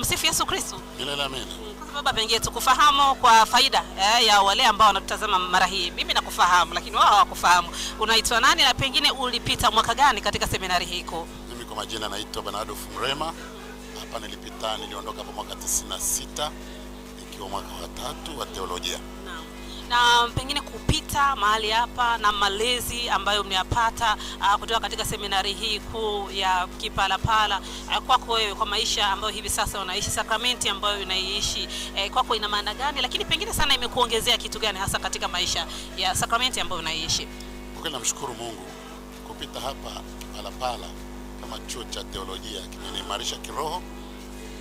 Tumsifu Yesu Kristo. Milele amina. Baba, pengine tukufahamu kwa faida eh, ya wale ambao wanatutazama mara hii. Mimi nakufahamu lakini wao hawakufahamu. Unaitwa nani na pengine ulipita mwaka gani katika seminari hii kuu? Mimi kwa majina naitwa Bernardo mrema Hapa nilipita, niliondoka hapo mwaka 96 nikiwa mwaka wa tatu wa teolojia na pengine kupita mahali hapa na malezi ambayo mnayapata ah, kutoka katika seminari hii kuu ya Kipalapala, ah, kwako wewe, kwa maisha ambayo hivi sasa unaishi, sakramenti ambayo unaiishi eh, kwako ina maana gani? Lakini pengine sana imekuongezea kitu gani hasa katika maisha ya sakramenti ambayo unaiishi? Kwa namshukuru Mungu kupita hapa kipalapala kama chuo cha teolojia kimeniimarisha kiroho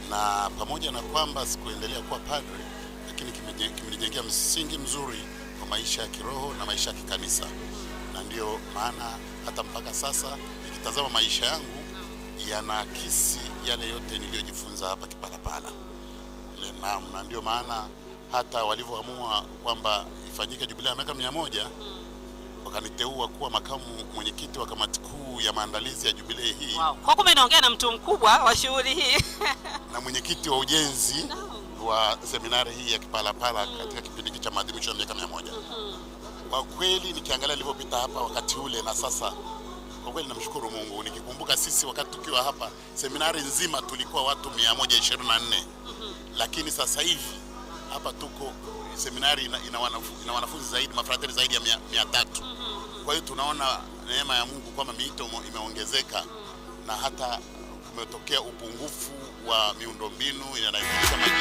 na pamoja na kwamba sikuendelea kuwa padre lakini kimenijengea msingi mzuri wa maisha ya kiroho na maisha ya kikanisa, na ndiyo maana hata mpaka sasa nikitazama maisha yangu yanaakisi yale yote niliyojifunza hapa Kipalapala. Naam, na ndiyo maana hata walivyoamua kwamba ifanyike jubilei ya miaka mia moja wakaniteua kuwa makamu mwenyekiti wa kamati kuu ya maandalizi ya jubilei hii. Wow. Kwa kumbe naongea na mtu mkubwa wa shughuli hii na mwenyekiti wa ujenzi no wa seminari hii ya Kipalapala katika kipindi cha maadhimisho ya miaka mia moja. Mm-hmm. Kwa kweli nikiangalia nilivyopita hapa wakati ule na sasa, kwa kweli namshukuru Mungu nikikumbuka sisi wakati tukiwa hapa seminari nzima tulikuwa watu 124 mm-hmm. lakini sasa hivi hapa tuko seminari ina, ina, wanafunzi, ina wanafunzi zaidi mafrateri zaidi ya mia, mia tatu. Mm-hmm. Kwa hiyo tunaona neema ya Mungu kwamba miito imeongezeka na hata kumetokea upungufu wa miundombinu maji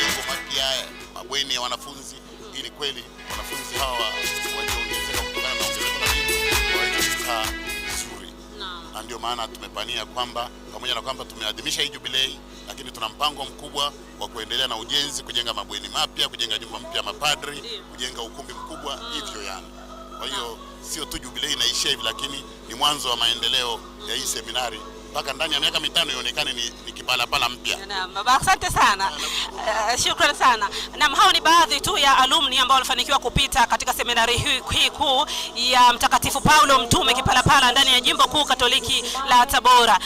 mabweni ya wanafunzi ili kweli wanafunzi hawa vizuri, na ndio maana tumepania kwamba pamoja na kwamba tumeadhimisha hii jubilei, lakini tuna mpango mkubwa wa kuendelea na ujenzi, kujenga mabweni mapya, kujenga nyumba mpya mapadri, kujenga ukumbi mkubwa hivyo yani. Kwa hiyo sio tu jubilei inaishia hivi, lakini ni mwanzo wa maendeleo ya hii seminari mpaka ndani ya miaka mitano ionekane ni, ni kibalabala mpya. Naam, asante sana uh, shukrani sana. Naam, hao ni baadhi tu ya alumni ambao walifanikiwa kupita katika seminari hii kuu ya Mtakatifu Paulo Mtume Kipalapala ndani ya jimbo kuu Katoliki la Tabora.